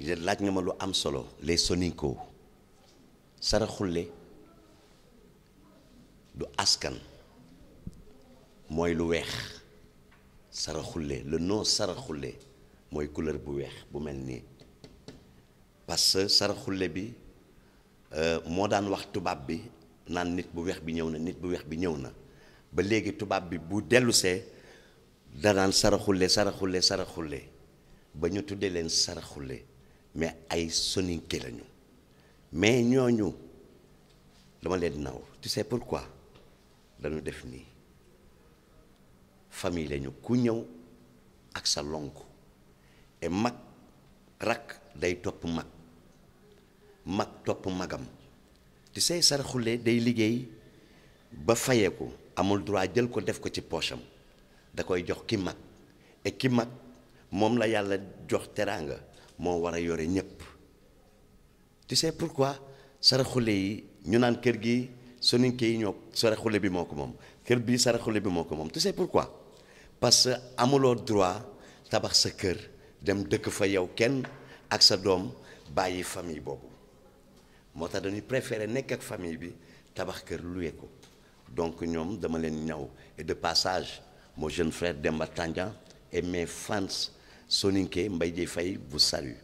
laaj nga lu am solo les sonico. du askan moy lu le nom saraxulle moy couleur bu que bu melni parce que saraxulle bi euh, Mo daan wax tubaab bi nan nit bu bi nit bu weex bi ñewna ba léegi tubab bi bu mais ay soninke lañu mais ñooñu dama leen naw tu pour pourquoi dañu def nii famille lañu ku ñëw ak sa lonk et mag rakk day topp mag mag topp magam tu sais saraxule day liggéey ba fayeeku amul droit jël ko def ko ci poche am da koy jox ki mag et ki mag moom la yàlla jox teraanga moo war a yore ñëpp tu sais pourquoi saraxule yi ñu naan kër gi soninke yi ñoo saraxule bi moo ko moom bi saraxule bi moo ko tu sais pourquoi parce que amuloo droit tabax sa kër dem dëkk fa yow kenn ak sa doom bàyyi famille boobu moo tax préférer nekk ak famille bi tabax kër luwe ko donc ñoom dama leen ñaw et de passage mon jeune frère Demba Tandian et mes fans Soninke Mbaye Faye vous salue.